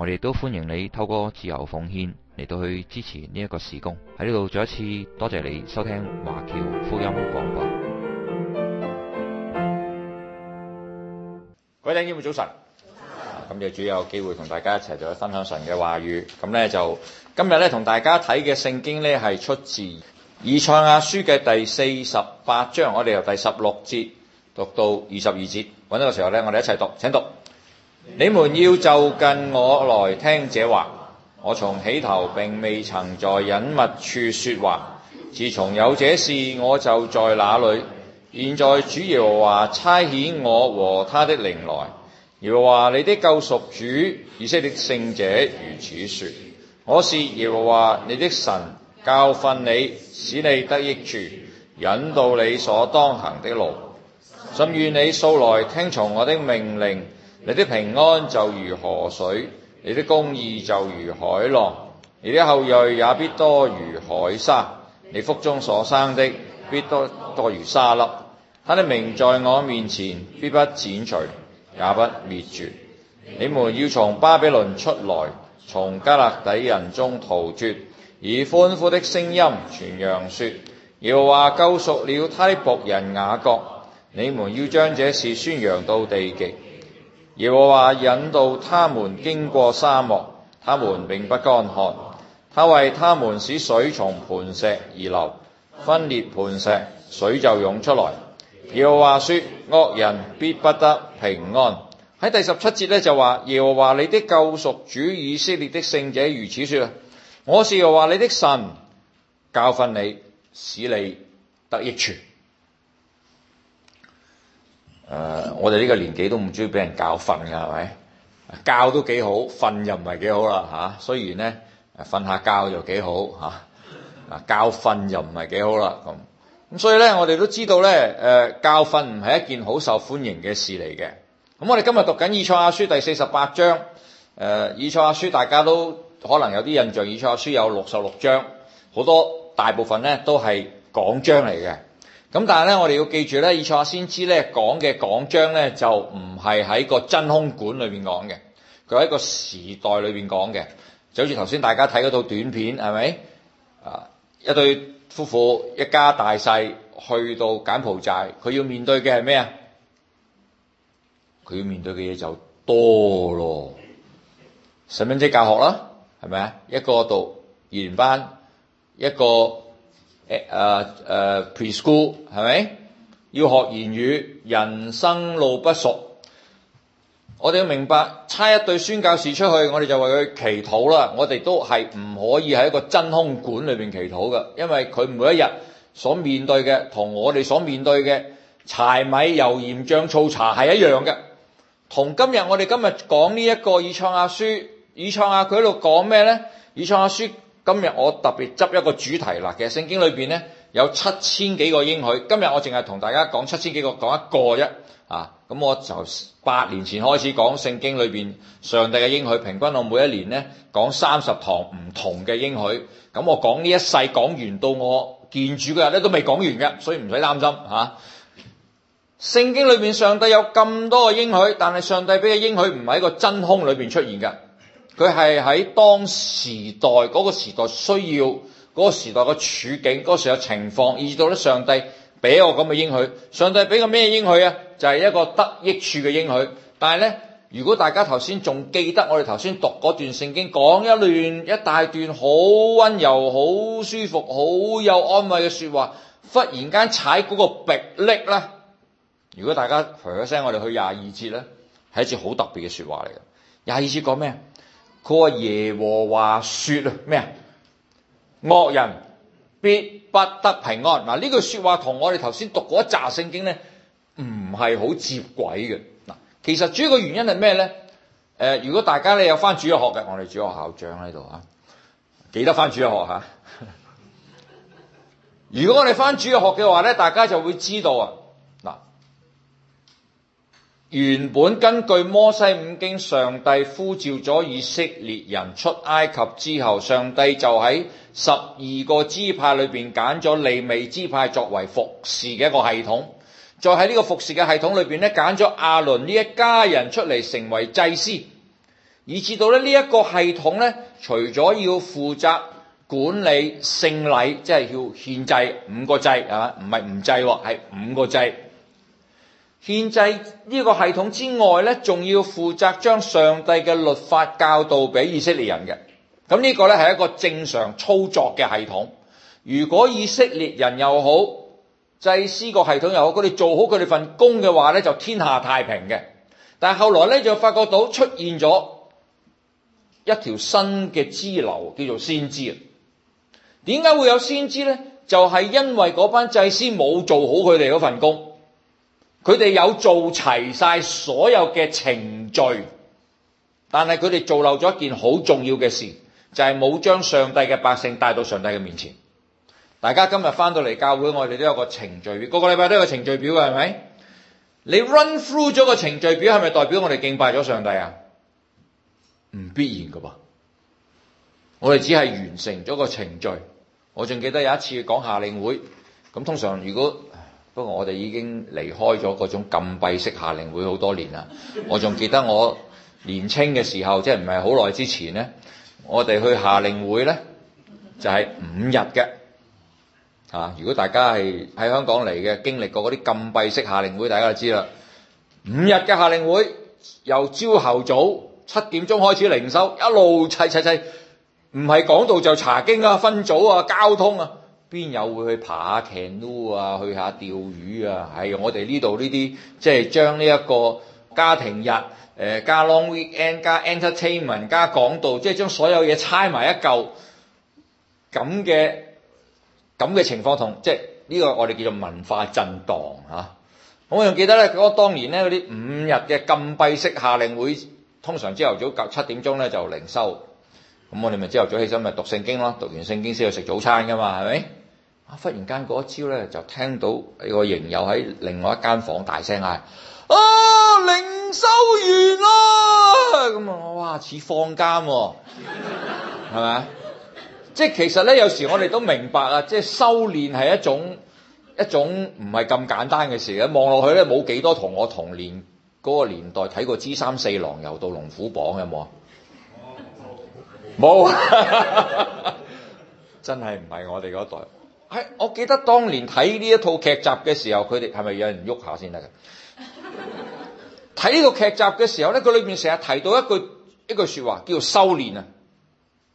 我哋都歡迎你透過自由奉獻嚟到去支持呢一個事工。喺呢度再一次多謝你收聽華僑福音廣播。各位弟兄姊妹早晨，咁嘅主有機會同大家一齊再分享神嘅話語。咁呢，就今日呢，同大家睇嘅聖經呢，係出自以賽亞書嘅第四十八章，我哋由第十六節讀到二十二節，揾到嘅時候呢，我哋一齊讀，請讀。你們要就近我來聽這話。我從起頭並未曾在隱密處說話，自從有這事我就在那裡。現在主耶和華差遣我和他的靈來，耶和華你的救贖主，以色列的聖者如此說：我是耶和華你的神，教訓你，使你得益處，引導你所當行的路。甚願你素來聽從我的命令。你的平安就如河水，你的公義就如海浪，你的後裔也必多如海沙，你腹中所生的必多多如沙粒。他的名在我面前必不剪除，也不滅絕。你們要從巴比倫出來，從加勒底人中逃脫，以歡呼的聲音傳揚説：要話救贖了他的僕人雅各。你們要將這事宣揚到地極。耶和華引導他們經過沙漠，他們並不乾旱。他為他們使水從磐石而流，分裂磐石，水就湧出來。耶和華說：惡人必不得平安。喺第十七節呢，就話：耶和華你的救贖主，以色列的聖者如此說：我是耶和華你的神，教訓你，使你得益處。誒、呃，我哋呢個年紀都唔中意俾人教訓㗎，係咪？教都幾好，訓又唔係幾好啦嚇、啊。雖然咧，瞓下教就幾好嚇，啊教訓又唔係幾好啦咁。咁、啊、所以咧，我哋都知道咧，誒、呃、教訓唔係一件好受歡迎嘅事嚟嘅。咁、嗯、我哋今日讀緊《以賽亞書》第四十八章，誒、呃《以賽亞書》大家都可能有啲印象，《以賽亞書》有六十六章，好多大部分咧都係講章嚟嘅。咁但係咧，我哋要記住咧，以賽亞先知咧講嘅講章咧，就唔係喺個真空管裏邊講嘅，佢喺個時代裏邊講嘅，就好似頭先大家睇嗰套短片，係咪？啊，一對夫婦一家大細去到柬埔寨，佢要面對嘅係咩啊？佢要面對嘅嘢就多咯，細蚊仔教學啦，係咪啊？一個讀二年班，一個。誒誒、uh, uh,preschool 係咪？要學言語，人生路不熟。我哋要明白，差一對宣教士出去，我哋就為佢祈禱啦。我哋都係唔可以喺一個真空管裏邊祈禱嘅，因為佢每一日所面對嘅，同我哋所面對嘅柴米油鹽醬醋，醋茶係一樣嘅。同今日我哋今日講呢一個以賽亞書，以賽亞佢喺度講咩咧？以賽亞書。今日我特別執一個主題啦，其實聖經裏邊呢，有七千幾個應許，今日我淨係同大家講七千幾個講一個啫，啊，咁我就八年前開始講聖經裏邊上帝嘅應許，平均我每一年呢講三十堂唔同嘅應許，咁、嗯、我講呢一世講完到我見主嘅日咧都未講完嘅，所以唔使擔心吓、啊。聖經裏邊上帝有咁多個應許，但係上帝俾嘅應許唔係喺個真空裏邊出現嘅。佢係喺當時代嗰個時代需要嗰個時代嘅處境嗰時候嘅情況，而到咗上帝俾我咁嘅應許。上帝俾個咩應許啊？就係一個得益處嘅應許。但係咧，如果大家頭先仲記得我哋頭先讀嗰段聖經，講一亂一大段好溫柔、好舒服、好有安慰嘅說話，忽然間踩嗰個壁力咧。如果大家噓一聲，我哋去廿二節咧，係一次好特別嘅說話嚟嘅。廿二節講咩？佢話耶和華説啊，咩啊，惡人必不得平安。嗱，呢句説話同我哋頭先讀嗰一集聖經咧，唔係好接軌嘅。嗱，其實主要嘅原因係咩咧？誒、呃，如果大家咧有翻主學嘅，我哋主學校長喺度啊，記得翻主學嚇。啊、 如果我哋翻主學嘅話咧，大家就會知道啊。原本根據摩西五經，上帝呼召咗以色列人出埃及之後，上帝就喺十二個支派裏邊揀咗利未支派作為服侍嘅一個系統，再喺呢個服侍嘅系統裏邊咧揀咗亞倫呢一家人出嚟成為祭司，以至到咧呢一個系統咧，除咗要負責管理聖禮，即係要獻祭五個祭，係嘛？唔係唔祭，係五個祭。獻祭呢個系統之外咧，仲要負責將上帝嘅律法教導俾以色列人嘅。咁、這、呢個咧係一個正常操作嘅系統。如果以色列人又好，祭司個系統又好，佢哋做好佢哋份工嘅話咧，就天下太平嘅。但係後來咧就發覺到出現咗一條新嘅支流，叫做先知。啊，點解會有先知咧？就係、是、因為嗰班祭司冇做好佢哋嗰份工。佢哋有做齊晒所有嘅程序，但係佢哋做漏咗一件好重要嘅事，就係冇將上帝嘅百姓帶到上帝嘅面前。大家今日翻到嚟教會，我哋都有個程序表，個個禮拜都有程序表嘅，係咪？你 run through 咗個程序表，係咪代表我哋敬拜咗上帝啊？唔必然㗎噃，我哋只係完成咗個程序。我仲記得有一次講夏令會，咁通常如果。不過我哋已經離開咗嗰種禁閉式夏令會好多年啦。我仲記得我年青嘅時候，即係唔係好耐之前呢，我哋去夏令會呢，就係、是、五日嘅。嚇、啊！如果大家係喺香港嚟嘅，經歷過嗰啲禁閉式夏令會，大家就知啦。五日嘅夏令會，由朝頭早七點鐘開始靈修，一路砌砌砌，唔係講道就查經啊、分組啊、交通啊。邊有會去爬下 canoe 啊，去下釣魚啊？係我哋呢度呢啲，即係將呢一個家庭日，誒加 long weekend 加 entertainment 加講道，即係將所有嘢猜埋一嚿，咁嘅咁嘅情況同，即係呢個我哋叫做文化震盪嚇。我仲記得咧，嗰個當年咧嗰啲五日嘅禁閉式夏令會，通常朝頭早七點鐘咧就靈修。咁我哋咪朝頭早起身咪讀聖經咯，讀完聖經先去食早餐㗎嘛，係咪？忽然間嗰一朝咧，就聽到個營友喺另外一間房間大聲嗌：啊，靈修完啦、啊！咁啊，哇，似放監喎、啊，係咪？ 即係其實咧，有時我哋都明白啊，即係修練係一種一種唔係咁簡單嘅事啊。望落去咧，冇幾多同我同年嗰個年代睇過 G《姿三四郎》游到《龍虎榜》嘅有冇啊？冇、哦， 真係唔係我哋嗰代。係、哎，我記得當年睇呢一套劇集嘅時候，佢哋係咪有人喐下先得㗎？睇呢 個劇集嘅時候咧，佢裏邊成日提到一句一句説話，叫做修練啊。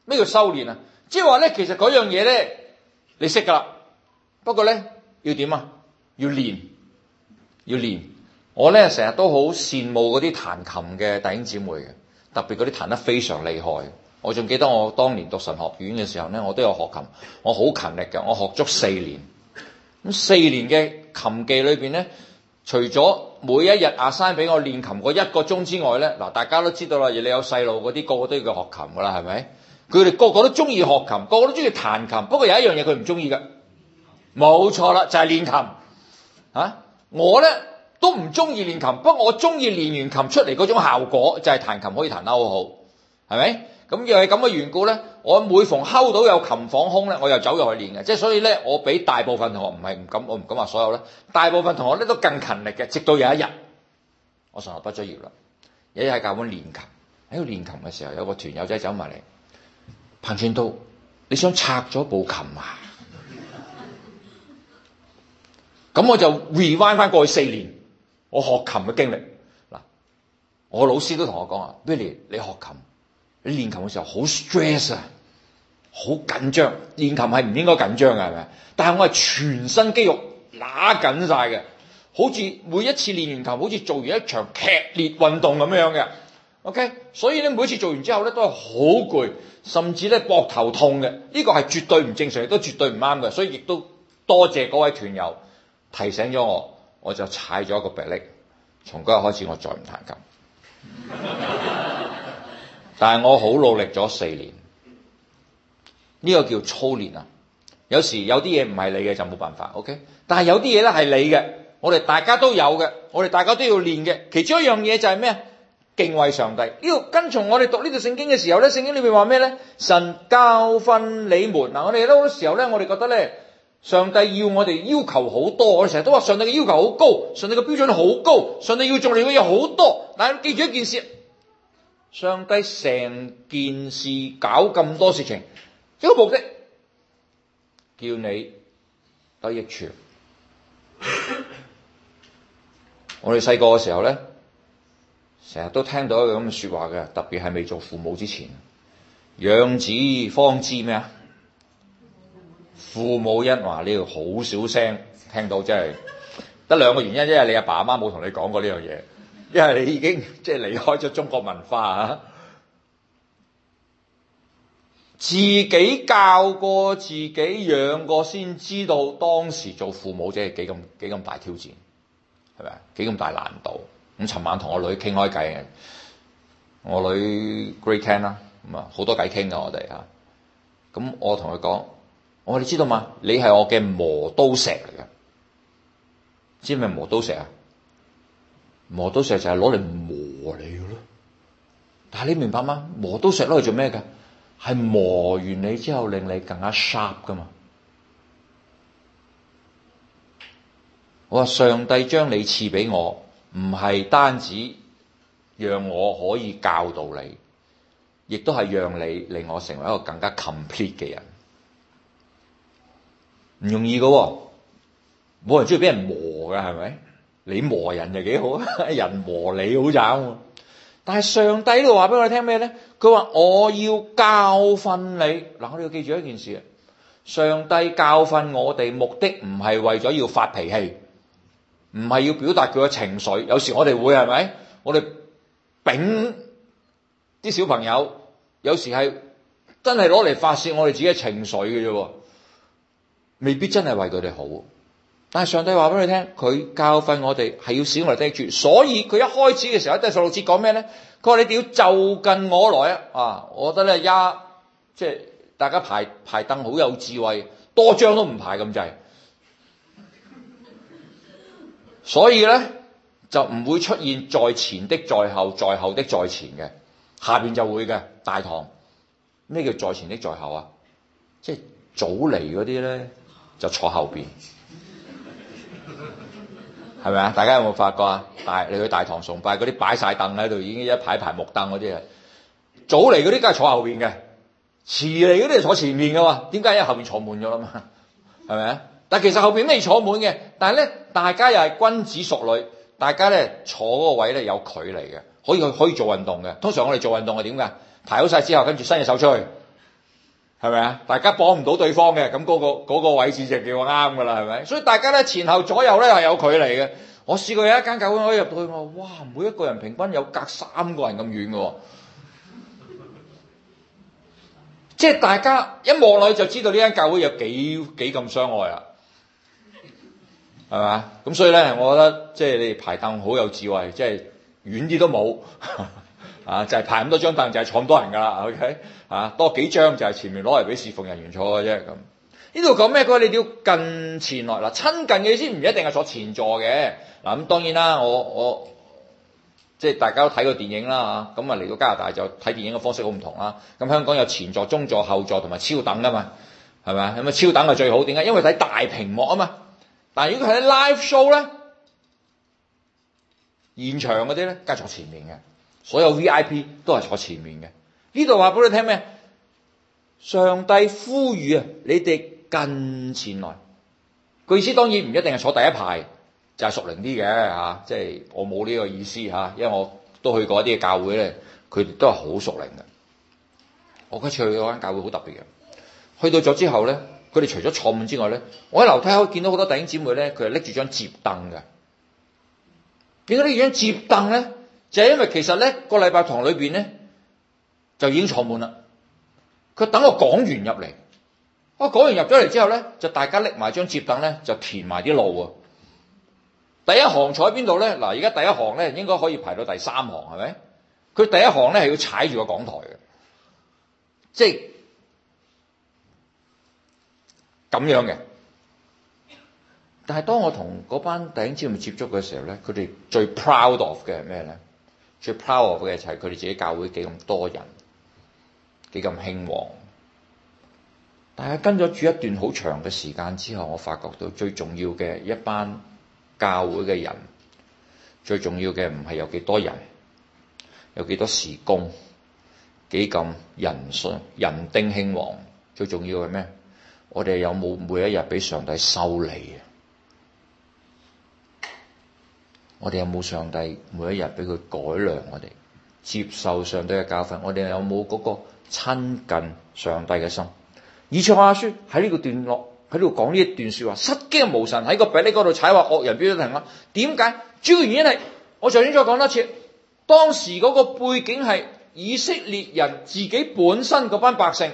咩叫修練啊？即係話咧，其實嗰樣嘢咧，你識㗎啦。不過咧，要點啊？要練，要練。我咧，成日都好羨慕嗰啲彈琴嘅弟兄姊妹嘅，特別嗰啲彈得非常厲害。我仲記得我當年讀神學院嘅時候咧，我都有學琴。我好勤力嘅，我學足四年。咁四年嘅琴技裏邊咧，除咗每一日阿生俾我練琴嗰一個鐘之外咧，嗱，大家都知道啦，你有細路嗰啲個個都要去學琴噶啦，係咪？佢哋個個都中意學琴，個個都中意彈琴。不過有一樣嘢佢唔中意嘅，冇錯啦，就係練琴啊！我咧都唔中意練琴，不過我中意練完琴出嚟嗰種效果，就係彈琴可以彈得好好，係咪？咁又係咁嘅緣故咧，我每逢溝到有琴房空咧，我又走入去練嘅。即係所以咧，我比大部分同學唔係唔敢，我唔敢話所有咧。大部分同學咧都更勤力嘅。直到有一日，我上學畢咗業啦，一日喺教館練琴。喺度練琴嘅時候，有個團友仔走埋嚟，彭傳道，你想拆咗部琴啊？咁 我就 rewind 翻過去四年，我學琴嘅經歷嗱，我老師都同我講啊，Billy，你學琴。你練琴嘅時候好 stress 啊，好緊張。練琴係唔應該緊張嘅，係咪？但係我係全身肌肉拉緊晒嘅，好似每一次練完琴，好似做完一場劇烈運動咁樣嘅。OK，所以咧每次做完之後咧都係好攰，甚至咧膊頭痛嘅。呢個係絕對唔正常，亦都絕對唔啱嘅。所以亦都多謝嗰位團友提醒咗我，我就踩咗一個鼻涕。從嗰日開始，我再唔彈琴。 但係我好努力咗四年，呢個叫操練啊！有時有啲嘢唔係你嘅就冇辦法，OK？但係有啲嘢咧係你嘅，我哋大家都有嘅，我哋大家都要練嘅。其中一樣嘢就係咩？敬畏上帝。要跟從我哋讀呢段聖經嘅時候咧，聖經裏面話咩咧？神教訓你們嗱，我哋好多時候咧，我哋覺得咧，上帝要我哋要求好多，我哋成日都話上帝嘅要求好高，上帝嘅標準好高，上帝要做你嘅嘢好多。但係記住一件事。上帝成件事搞咁多事情，一、這個目的叫你得益處。 我哋細個嘅時候呢，成日都聽到一個咁嘅說話嘅，特別係未做父母之前，養子方知咩啊？ 父母一話你要好小聲，聽到真係得兩個原因，一係你阿爸阿媽冇同你講過呢樣嘢。因為你已經即係離開咗中國文化啊， 自己教過自己養過，先知道當時做父母真係幾咁幾咁大挑戰，係咪啊？幾咁大難度。咁尋晚同我女傾開偈，我女 great can 啦，咁啊好多偈傾噶我哋啊。咁我同佢講，我話你知道嘛？你係我嘅磨刀石嚟嘅，知唔知磨刀石啊？磨刀石就係攞嚟磨你嘅咯，但係你明白嗎？磨刀石攞嚟做咩噶？係磨完你之後，令你更加 sharp 噶嘛。我話上帝將你賜畀我，唔係單止讓我可以教導你，亦都係讓你令我成為一個更加 complete 嘅人。唔容易嘅喎，冇人中意畀人磨噶，係咪？你磨人就幾好啊，人磨你好慘。但係上帝喺度話俾我哋聽咩咧？佢話我要教訓你。嗱，我哋要記住一件事啊！上帝教訓我哋目的唔係為咗要發脾氣，唔係要表達佢嘅情緒。有時我哋會係咪？我哋丙啲小朋友有時係真係攞嚟發洩我哋自己嘅情緒嘅啫，未必真係為佢哋好。但係上帝話俾你聽，佢教訓我哋係要使我哋嚟頂住，所以佢一開始嘅時候，第十六節講咩咧？佢話你哋要就近我來啊！啊，我覺得咧一即係大家排排凳好有智慧，多張都唔排咁滯。所以咧就唔會出現在前的在後，在後的在前嘅，下邊就會嘅大堂。咩叫在前的在後啊？即係早嚟嗰啲咧就坐後邊。係咪啊？大家有冇發覺啊？大你去大堂崇拜嗰啲擺晒凳喺度，已經一排排木凳嗰啲啊，早嚟嗰啲梗係坐後邊嘅，遲嚟嗰啲就坐前面嘅喎。點解？因為後邊坐滿咗啦嘛？係咪啊？但其實後邊都未坐滿嘅，但係咧，大家又係君子淑女，大家咧坐嗰個位咧有距離嘅，可以去可以做運動嘅。通常我哋做運動係點噶？排好晒之後，跟住伸隻手出去。係咪啊？大家綁唔到對方嘅，咁嗰個嗰個位置就叫我啱噶啦，係咪？所以大家咧前後左右咧係有距離嘅。我試過有一間教會，可以入到去我哇，每一個人平均有隔三個人咁遠嘅， 即係大家一望落去就知道呢間教會有幾幾咁相愛啊，係咪啊？咁所以咧，我覺得即係你哋排凳好有智慧，即係遠啲都冇。 啊，就係、是、排咁多張凳，就係、是、坐咁多人噶啦，OK？啊，多幾張就係前面攞嚟俾侍奉人員坐嘅啫。咁呢度講咩嘅？你要近前來嗱，親近嘅先唔一定係坐前座嘅嗱。咁、啊嗯、當然啦，我我即係大家都睇過電影啦嚇，咁啊嚟、啊、到加拿大就睇電影嘅方式好唔同啦。咁、啊啊、香港有前座、中座、後座同埋超等噶嘛，係咪啊？咁啊超等係最好點解？因為睇大屏幕啊嘛。但係如果佢喺 live show 咧，現場嗰啲咧，梗係坐前面嘅。所有 VIP 都係坐前面嘅，呢度話俾你聽咩？上帝呼籲啊，你哋近前來。個意思當然唔一定係坐第一排，就係、是、熟齡啲嘅吓，即、啊、係、就是、我冇呢個意思吓、啊，因為我都去過一啲嘅教會咧，佢哋都係好熟齡嘅。我嗰次去嗰間教會好特別嘅，去到咗之後咧，佢哋除咗坐滿之外咧，我喺樓梯口見到好多弟兄姊妹咧，佢係拎住張折凳嘅。點解呢張折凳咧？就係因為其實咧個禮拜堂裏邊咧就已經坐滿啦，佢等我講完入嚟，我、啊、講完入咗嚟之後咧，就大家拎埋張摺凳咧，就填埋啲路啊。第一行坐喺邊度咧？嗱，而家第一行咧應該可以排到第三行係咪？佢第一行咧係要踩住個講台嘅，即係咁樣嘅。但係當我同嗰班頂尖接觸嘅時候咧，佢哋最 proud of 嘅係咩咧？最 proud of 嘅就係佢哋自己教會幾咁多人，幾咁興旺。但係跟咗住一段好長嘅時間之後，我發覺到最重要嘅一班教會嘅人，最重要嘅唔係有幾多人，有幾多時工，幾咁人上人丁興旺。最重要係咩？我哋有冇每一日俾上帝修理啊。我哋有冇上帝每一日俾佢改良我哋？接受上帝嘅教訓，我哋有冇嗰個親近上帝嘅心？以賽亞書喺呢個段落喺度講呢一段說話失驚無神喺個碑呢個度踩話惡人必得停啦？點解？主要原因係我頭先再講多次，當時嗰個背景係以色列人自己本身嗰班百姓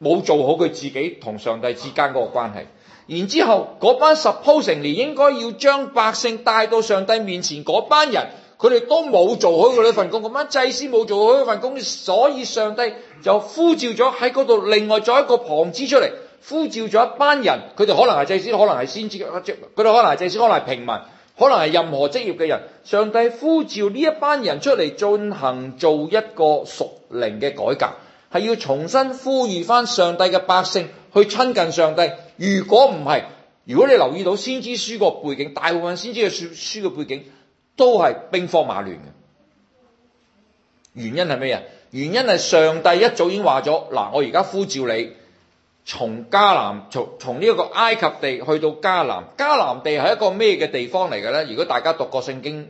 冇做好佢自己同上帝之間嗰個關係。然之後，嗰班十鋪成年應該要將百姓帶到上帝面前。嗰班人佢哋都冇做好佢哋份工，咁啊祭司冇做好嗰份工，所以上帝就呼召咗喺嗰度另外再一個旁支出嚟，呼召咗一班人，佢哋可能係祭司，可能係先知，佢哋可能係祭司，可能係平民，可能係任何職業嘅人。上帝呼召呢一班人出嚟進行做一個屬靈嘅改革，係要重新呼籲返上帝嘅百姓去親近上帝。如果唔係，如果你留意到先知書個背景，大部分先知嘅書書嘅背景都係兵荒馬亂嘅。原因係咩啊？原因係上帝一早已經話咗，嗱，我而家呼召你從迦南，從從呢個埃及地去到迦南。迦南地係一個咩嘅地方嚟嘅咧？如果大家讀過聖經，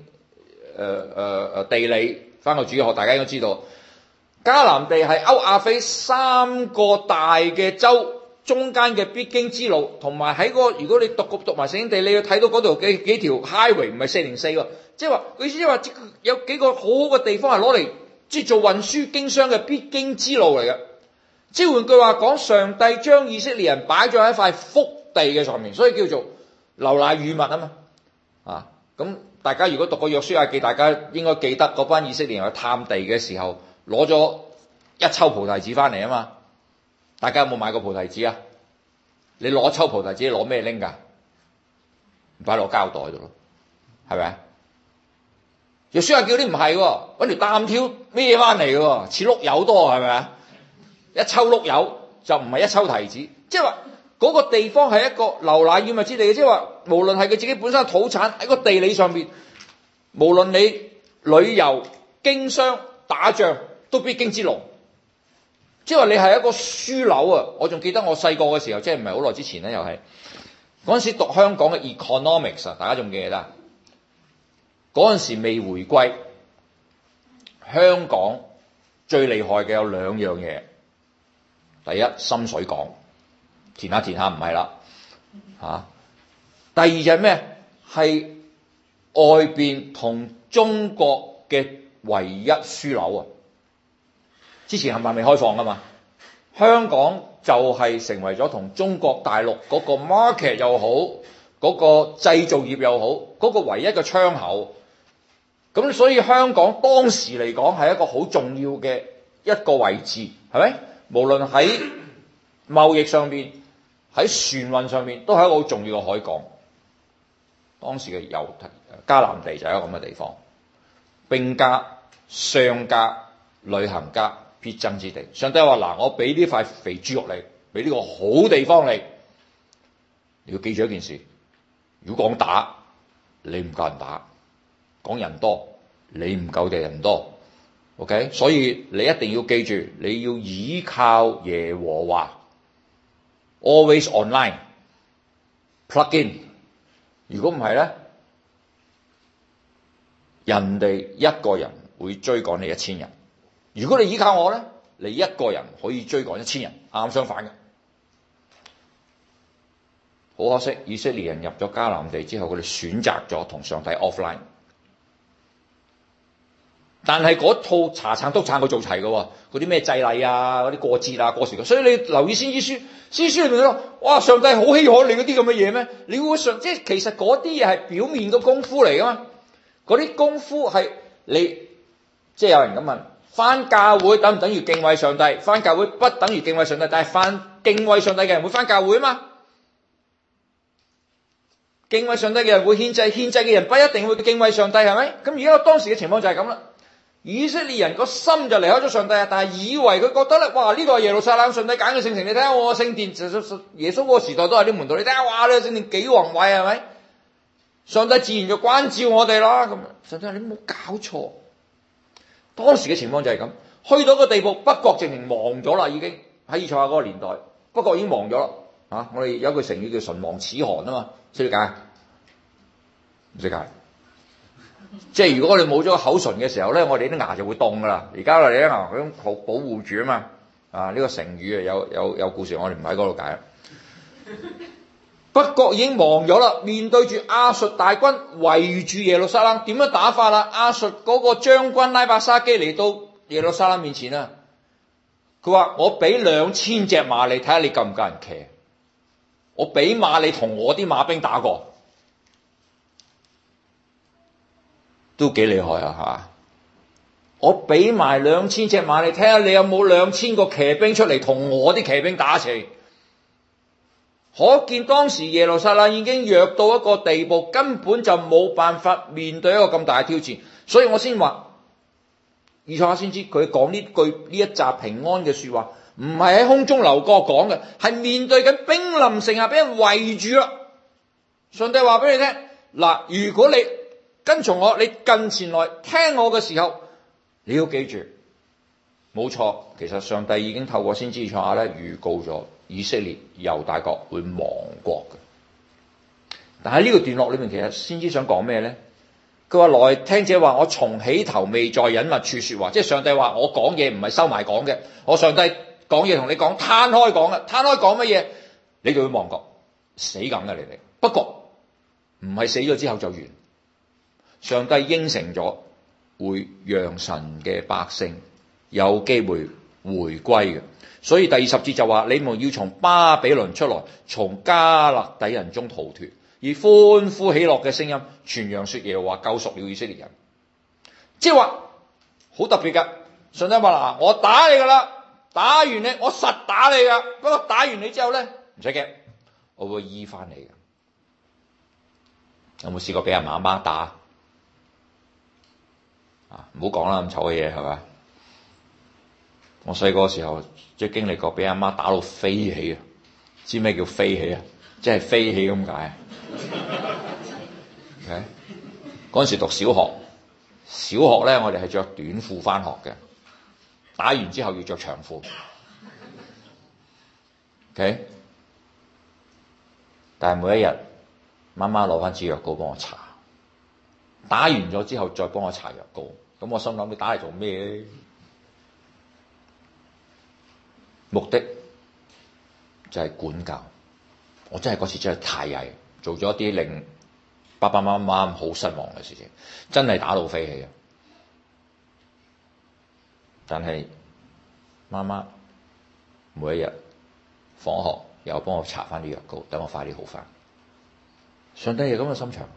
誒誒誒地理翻個主義學，大家應該知道，迦南地係歐亞非三個大嘅洲。中間嘅必經之路，同埋喺嗰個如果你讀過讀埋聖經地，你要睇到嗰度幾幾條 highway 唔係四零四喎，即係話，佢意思即係話有幾個好好嘅地方係攞嚟即係做運輸經商嘅必經之路嚟嘅。即換句話講，上帝將以色列人擺咗喺塊福地嘅上面，所以叫做流奶與蜜啊嘛。啊，咁大家如果讀過約書亞記，大家應該記得嗰班以色列人去探地嘅時候，攞咗一抽菩提子翻嚟啊嘛。大家有冇買過菩提子啊？你攞抽菩提子攞咩拎噶？擺落膠袋度咯，係咪啊？若書話叫啲唔係，搵條擔挑咩翻嚟嘅？似碌柚多係咪啊？一抽碌柚，就唔係一抽提子，即係話嗰個地方係一個流奶與蜜之地，即係話無論係佢自己本身土產喺個地理上邊，無論你旅遊、經商、打仗都必經之路。即係話你係一個樞紐啊！我仲記得我細個嘅時候，即係唔係好耐之前咧，又係嗰陣時讀香港嘅 economics 啊，大家仲記得？嗰陣時未回歸，香港最厲害嘅有兩樣嘢，第一，深水港填下填下唔係啦嚇，第二就係咩？係外邊同中國嘅唯一樞紐啊！之前係咪未開放㗎嘛？香港就係成為咗同中國大陸嗰個 market 又好，嗰、那個製造業又好，嗰、那個唯一嘅窗口。咁所以香港當時嚟講係一個好重要嘅一個位置，係咪？無論喺貿易上面，喺船運上面，都係一個好重要嘅海港。當時嘅猶太迦南地就係一個咁嘅地方，兵家、商家、旅行家。必爭之地，上帝話嗱，我俾呢塊肥豬肉嚟，俾呢個好地方嚟。你要記住一件事，如果講打，你唔夠人打；講人多，你唔夠地人多。OK，所以你一定要記住，你要依靠耶和華，always online，plug in。如果唔係咧，人哋一個人會追趕你一千人。如果你依靠我咧，你一個人可以追趕一千人，啱相反嘅。好可惜，以色列人入咗迦南地之後，佢哋選擇咗同上帝 offline。但係嗰套茶產督產，佢做齊噶。嗰啲咩祭禮啊，嗰啲過節啊，過時。所以你留意先知書，先知書裏面咯，哇！上帝好稀罕你嗰啲咁嘅嘢咩？你會上即係其實嗰啲嘢係表面嘅功夫嚟噶嘛？嗰啲功夫係你即係有人咁問。翻教會等唔等於敬畏上帝？翻教會不等於敬畏上帝，但係翻敬畏上帝嘅人會翻教會啊嘛！敬畏上帝嘅人會獻祭，獻祭嘅人不一定會敬畏上帝，係咪？咁而家當時嘅情況就係咁啦。以色列人個心就離開咗上帝啊，但係以為佢覺得咧，哇呢個係耶路撒冷，上帝揀嘅聖城，你睇下，我聖殿就耶穌個時代都係啲門徒，你睇下哇，呢個聖殿幾宏偉，係咪？上帝自然就關照我哋啦，咁上帝你冇搞錯。當時嘅情況就係咁，去到個地步，北國直情亡咗啦，已經喺以賽亞嗰個年代，不過已經亡咗啦。啊，我哋有一句成語叫唇亡齒寒啊嘛，識唔識解？唔識解。 即係如果我哋冇咗口唇嘅時候咧，我哋啲牙就會凍噶啦。而家我哋牙佢保保護住啊嘛。啊，呢、這個成語啊，有有有故事，我哋唔喺嗰度解。 北國已經亡咗啦！面對住亞述大軍圍住耶路撒冷，點樣打法啦？亞述嗰個將軍拉巴沙基嚟到耶路撒冷面前啦，啊，佢話：我畀兩千隻馬你，睇下你夠唔夠人騎？我畀馬你同我啲馬兵打過，都幾厲害啊！啊我畀埋兩千隻馬你，睇下，啊啊、你有冇兩千個騎兵出嚟同我啲騎兵打仗。可見當時耶路撒冷已經弱到一個地步，根本就冇辦法面對一個咁大嘅挑戰，所以我先、先話，以賽亞先知佢講呢句呢一集平安嘅說話，唔係喺空中樓閣講嘅，係面對緊兵臨城下，俾人圍住啦。上帝話俾你聽，嗱，如果你跟從我，你近前來聽我嘅時候，你要記住，冇錯，其實上帝已經透過先知以賽亞咧預告咗。以色列猶大國會亡國嘅，但喺呢個段落裏面，其實先知想講咩咧？佢話，來聽者話，我從起頭未在隱密處說話。即係上帝我話，我講嘢唔係收埋講嘅，我上帝講嘢同你講攤開講嘅。攤開講乜嘢？你就會亡國死梗嘅你哋。不過唔係死咗之後就完，上帝應承咗會讓神嘅百姓有機會回歸嘅。所以第二十節就話，你們要從巴比倫出來，從加勒底人中逃脫，以歡呼喜樂嘅聲音傳揚說耶話，耶和華救贖了以色列人。即係話好特別噶，上帝話嗱，我打你噶啦，打完你，我實打你噶，不過打完你之後呢，唔使驚，我會醫翻你噶。有冇試過俾人媽媽打？啊，唔好講啦，咁醜嘅嘢係嘛？我細個時候即係經歷過俾阿媽打到飛起啊！知咩叫飛起啊？即係飛起咁解。 okay? 嗰陣時讀小學，小學咧我哋係着短褲翻學嘅，打完之後要着長褲。OK，但係每一日媽媽攞翻支藥膏幫我搽，打完咗之後再幫我搽藥膏。咁我心諗你打嚟做咩咧？目的就係管教，我真係嗰次真係太曳，做咗啲令爸爸媽媽好失望嘅事情，真係打到飛起啊！但係媽媽每一日放學又幫我搽翻啲藥膏，等我快啲好翻。上帝有咁嘅心腸，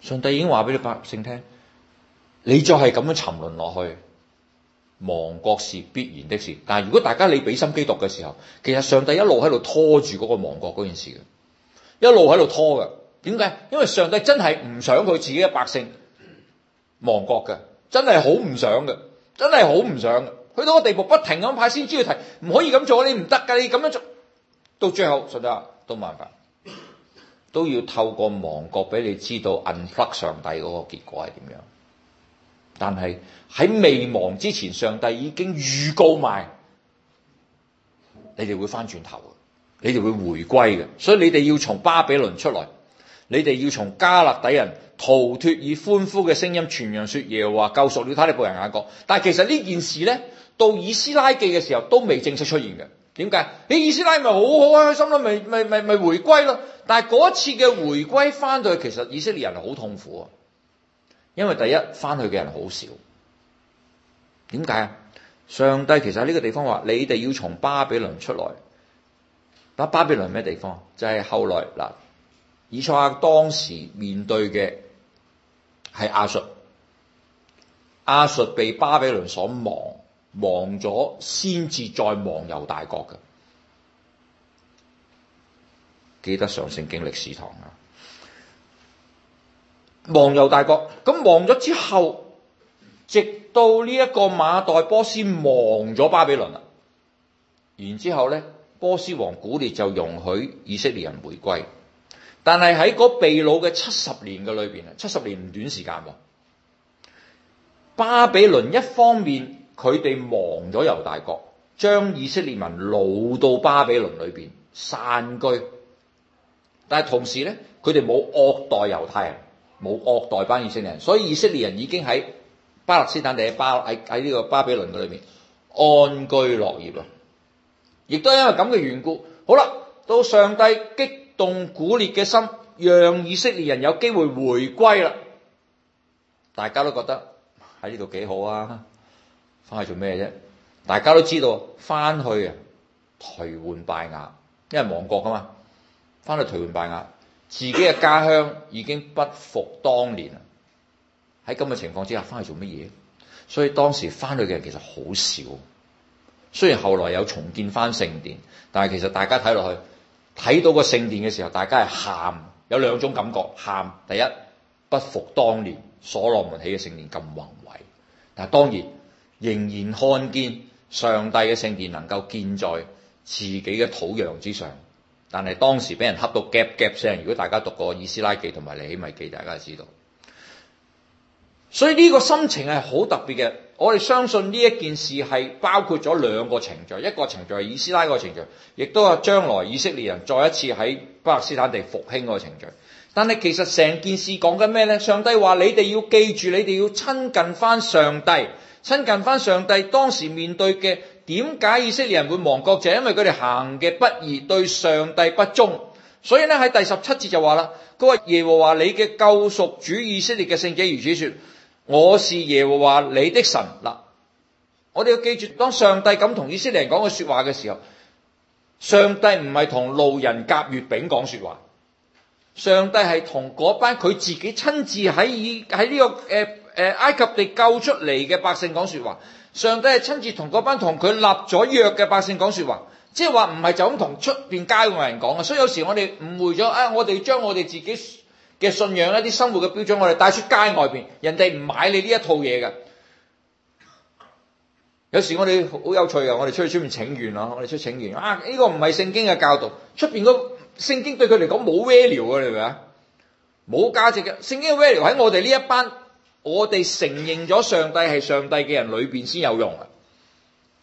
上帝已經話畀你百姓聽，你再係咁樣沉淪落去。亡國是必然的事，但係如果大家你俾心機讀嘅時候，其實上帝一路喺度拖住嗰個亡國嗰件事嘅，一路喺度拖嘅。點解？因為上帝真係唔想佢自己嘅百姓亡國嘅，真係好唔想嘅，真係好唔想嘅。去到個地步，不停咁派先知要提，唔可以咁做，你唔得㗎，你咁樣做到最後，上帝都冇辦法，都要透過亡國俾你知道，unpluck 上帝嗰個結果係點樣。但係喺未亡之前，上帝已經預告埋你哋會翻轉頭嘅，你哋會回歸嘅。所以你哋要從巴比倫出來，你哋要從迦勒底人逃脱，以歡呼嘅聲音傳揚説：說耶和華救贖了他的僕人雅各。」但係其實呢件事呢，到以斯拉記嘅時候都未正式出現嘅。點解？你、哎、以斯拉咪好好開心咯，咪咪咪咪回歸咯。但係嗰次嘅回歸翻到去，其實以色列人係好痛苦啊。因為第一返去嘅人好少，點解啊？上帝其實喺呢個地方話，你哋要從巴比倫出來。嗱，巴比倫咩地方？就係、是、後來嗱，以賽亞當時面對嘅係亞述，亞述被巴比倫所亡，亡咗先至再亡猶大國嘅。記得上聖經歷史堂啊！亡猶大國，咁亡咗之後，直到呢一個馬代波斯亡咗巴比倫啦，然之後咧，波斯王古列就容許以色列人回歸，但係喺嗰被擄嘅七十年嘅裏邊啊，七十年唔短時間。巴比倫一方面佢哋亡咗猶大國，將以色列民擄到巴比倫裏邊散居，但係同時咧，佢哋冇惡待猶太人。冇惡待班以色列人，所以以色列人已經喺巴勒斯坦地喺巴喺喺呢個巴比倫嘅裏面安居樂業咯。亦都因為咁嘅緣故，好啦，到上帝激動古列嘅心，讓以色列人有機會回歸啦。大家都覺得喺呢度幾好啊，翻去做咩啫？大家都知道翻去頹垣敗瓦，因為亡國啊嘛，翻去頹垣敗瓦。自己嘅家鄉已經不復當年。喺咁嘅情況之下，翻去做乜嘢？所以當時翻去嘅人其實好少。雖然後來有重建翻聖殿，但係其實大家睇落去，睇到個聖殿嘅時候，大家係喊，有兩種感覺：喊第一，不復當年所羅門起嘅聖殿咁宏偉；但係當然仍然看見上帝嘅聖殿能夠建在自己嘅土壤之上。但係當時俾人恰到夾夾聲，如果大家讀過《以斯拉記》同埋《尼希米記》，大家知道。所以呢個心情係好特別嘅。我哋相信呢一件事係包括咗兩個程序，一個程序係以斯拉個程序，亦都有將來以色列人再一次喺巴勒斯坦地復興個程序。但係其實成件事講緊咩呢？上帝話：你哋要記住，你哋要親近翻上帝，親近翻上帝當時面對嘅。點解以色列人會亡國，就係因為佢哋行嘅不義，對上帝不忠，所以咧喺第十七節就話啦，佢話，耶和華你嘅救贖主以色列嘅聖者如此說，我是耶和華你的神嗱，我哋要記住，當上帝咁同以色列人講嘅說話嘅時候，上帝唔係同路人甲乙丙講說話，上帝係同嗰班佢自己親自喺以喺呢個誒誒埃及地救出嚟嘅百姓講說話。上帝係親自同嗰班同佢立咗約嘅百姓講説話，即係話唔係就咁同出邊街外人講啊！所以有時我哋誤會咗啊！我哋將我哋自己嘅信仰一啲生活嘅標準，我哋帶出街外邊，人哋唔買你呢一套嘢嘅。有時我哋好有趣嘅，我哋出去出面請願咯，我哋出去請願啊！呢個唔係聖經嘅教導，出邊個聖經對佢嚟講冇 value 嘅，你明唔明啊？冇價值嘅，聖經嘅 value 喺我哋呢一班。我哋承認咗上帝係上帝嘅人裏邊先有用啊！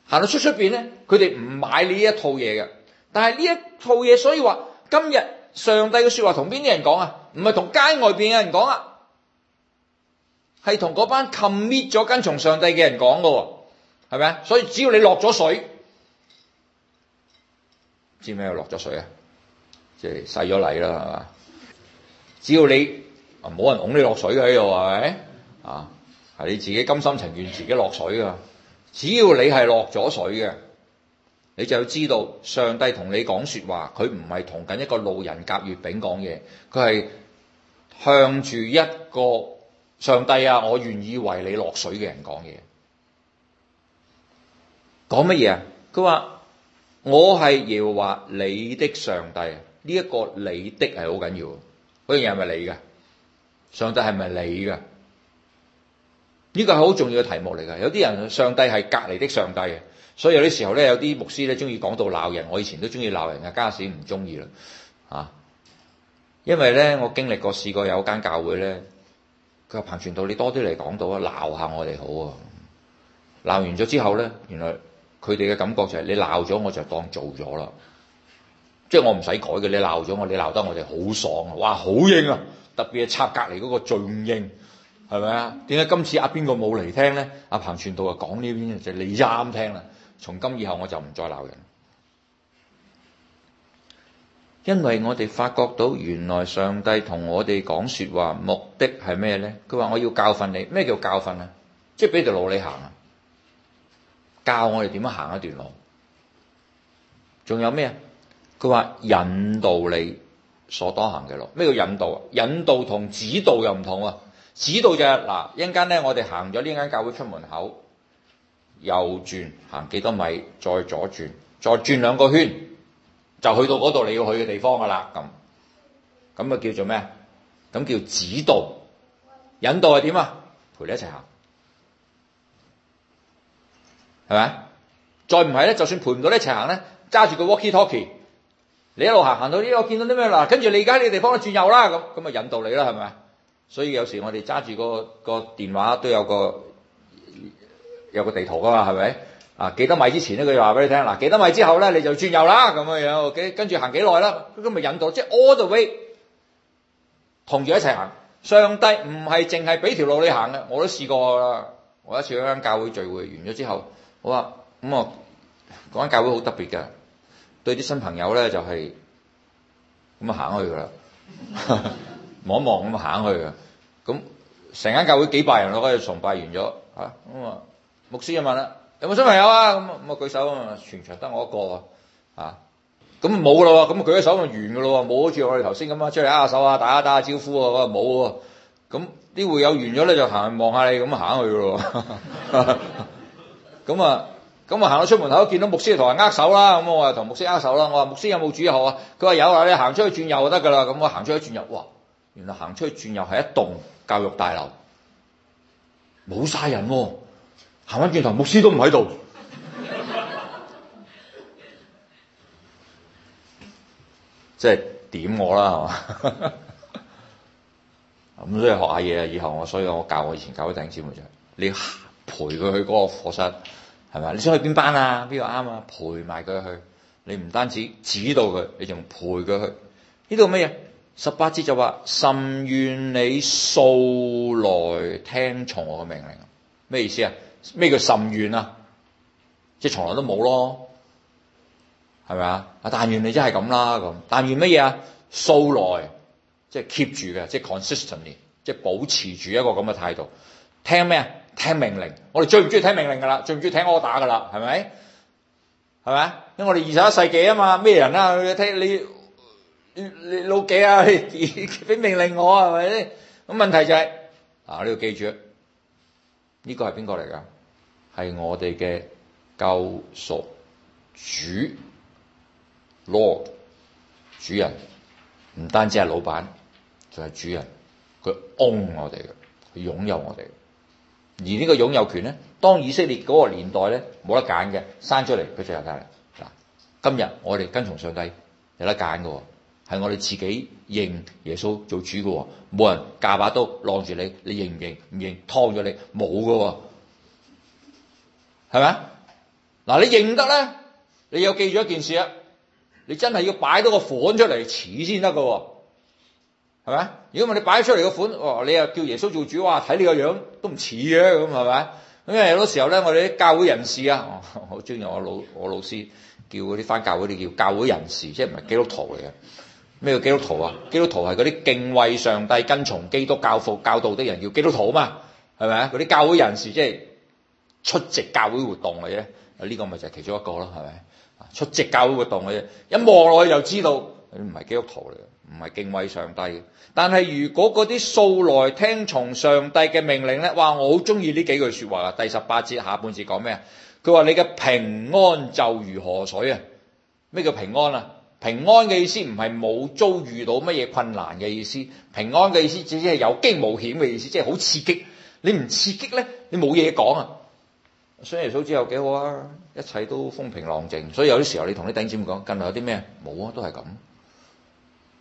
行到出出邊咧，佢哋唔買你呢一套嘢嘅。但係呢一套嘢，所以話今日上帝嘅說話同邊啲人講啊？唔係同街外邊嘅人講啊，係同嗰班 commit 咗跟從上帝嘅人講噶，啊，係咪？所以只要你落咗水，知咩叫落咗水啊？即係洗咗禮啦，係嘛？只要你啊，冇人拱你落水喺度，係咪？啊，係你自己甘心情願自己落水噶。只要你係落咗水嘅，你就要知道上帝同你講說話，佢唔係同緊一個路人甲乙丙講嘢，佢係向住一個上帝啊！我願意為你落水嘅人講嘢，講乜嘢啊？佢話我係耶和華你的上帝，呢、這、一個你的係好緊要。嗰樣嘢係咪你噶？上帝係咪你噶？呢個係好重要嘅題目嚟㗎，有啲人，上帝係隔離的上帝，所以有啲時候咧，有啲牧師咧中意講到鬧人，我以前都中意鬧人嘅，家陣唔中意啦，嚇、啊，因為咧我經歷過試過有間教會咧，佢話彭傳道你多啲嚟講到啊，鬧下我哋好啊，鬧完咗之後咧，原來佢哋嘅感覺就係、是、你鬧咗我就當做咗啦，即係我唔使改嘅，你鬧咗我，你鬧得我哋好爽啊，哇，好英啊，特別係插隔離嗰個最英。係咪啊？點解今次阿邊個冇嚟聽咧？阿彭傳道啊，講呢邊就是、你啱聽啦。從今以後我就唔再鬧人，因為我哋發覺到原來上帝同我哋講説話目的係咩咧？佢話我要教訓你。咩叫教訓啊？即係俾條路你行啊，教我哋點樣行一段路。仲有咩啊？佢話引導你所當行嘅路，咩叫引導啊？引導同指導又唔同啊！指導就係嗱，一陣間咧，我哋行咗呢間教會出門口，右轉行幾多米，再左轉，再轉兩個圈，就去到嗰度你要去嘅地方噶啦。咁咁啊叫做咩？咁叫指導。引導係點啊？陪你一齊行，係咪？再唔係咧，就算陪唔到你一齊行咧，揸住個 walkie talkie，你一路行行到呢個見到啲咩嗱，跟住你而家呢個地方都轉右啦，咁咁啊引導你啦，係咪？所以有時我哋揸住個個電話都有個有個地圖噶嘛，係咪？啊，幾多米之前呢？佢話俾你聽。嗱、啊，幾多米之後咧，你就轉右啦，咁嘅樣。跟住行幾耐啦？咁咪引導，即係 all the way 同住一齊行。上帝唔係淨係俾條路你行嘅，我都試過啦。我一次去間教會聚會完咗之後，好話、啊、咁我嗰間教會好特別嘅，對啲新朋友咧就係咁啊行去㗎啦。 望一望咁行去嘅，咁成間教會幾百人咯，嗰日崇拜完咗，嚇咁啊，牧師就問啦：有冇新朋友啊？咁啊舉手啊，全場得我一個啊，咁冇咯喎，咁啊舉咗手就完噶咯喎，冇好似我哋頭先咁啊出嚟握下手啊，大家打下招呼啊，冇喎，咁啲會友完咗咧就行去望下你咁行去嘅咯，咁啊咁啊行到出門口見到牧師同人握手啦，咁我啊同牧師握手啦，我話牧師有冇主日學啊？佢話有啊，你行出去轉右就得噶啦，咁我行出去轉右，哇！原來行出去轉右係一棟教育大樓，冇晒人喎。行翻轉頭牧師都唔喺度， 即係點我啦，係嘛？咁、 嗯、所以學下嘢啊，以後我所以我教我以前教一頂尖小妹仔，你陪佢去嗰個課室係咪？你想去邊班啊？邊個啱啊？陪埋佢去，你唔單止指導佢，你仲陪佢去呢度乜嘢？十八節就話甚願你素來聽從我嘅命令，咩意思啊？咩叫甚願啊？即係從來都冇咯，係咪啊？啊，但願你真係咁啦咁，但願乜嘢啊？素來即係 keep 住嘅，即係 consistently，即係保持住一個咁嘅態度，聽咩啊？聽命令，我哋最唔中意聽命令噶啦，最唔中意聽我打噶啦，係咪？係咪？因為我哋二十一世紀啊嘛，咩人啊？聽你。你老幾啊？你俾命令我係咪咧？咁問題就係、是、啊，你要記住，呢、這個係邊個嚟噶？係我哋嘅救贖主，主 Lord 主人，唔單止係老闆，仲係主人。佢 own 我哋嘅，佢擁有我哋。而呢個擁有權咧，當以色列嗰個年代咧冇得揀嘅，生出嚟佢就有得啦。嗱，今日我哋跟從上帝有得揀嘅。係我哋自己認耶穌做主嘅喎，哦，冇人架把刀晾住你，你認唔認？唔認，劏咗你冇嘅喎，係咪啊？嗱，你認得咧，你又記住一件事啊，你真係要擺到個款出嚟似先得嘅喎，係咪啊？如果唔係你擺出嚟個款，哦，你又叫耶穌做主，哇，睇你個樣都唔似啊，咁係咪？咁因為好多時候咧，我哋啲教會人士啊、哦，我好中意我老我老師叫嗰啲返教會啲叫教會人士，即係唔係基督徒嚟嘅。咩叫基督徒啊？基督徒係嗰啲敬畏上帝、跟從基督教父教導的人叫基督徒啊嘛？係咪嗰啲教會人士，即係出席教會活動嘅啫。呢個咪就係其中一個咯，係咪？啊，出席教會活動嘅啫，一望落去就知道唔係基督徒嚟嘅，唔係敬畏上帝嘅。但係如果嗰啲素來聽從上帝嘅命令咧，哇！我好中意呢幾句説話啊。第十八節下半節講咩啊？佢話你嘅平安就如河水啊。咩叫平安啊？平安嘅意思，唔係冇遭遇到乜嘢困難嘅意思，平安嘅意思只係有驚無險嘅意思，即係好刺激，你唔刺激呢，你冇嘢講呀，雙耶穌之後幾好呀，一切都風平浪靜，所以有啲時候你同啲頂尖講，近來有啲咩？冇呀，都係咁，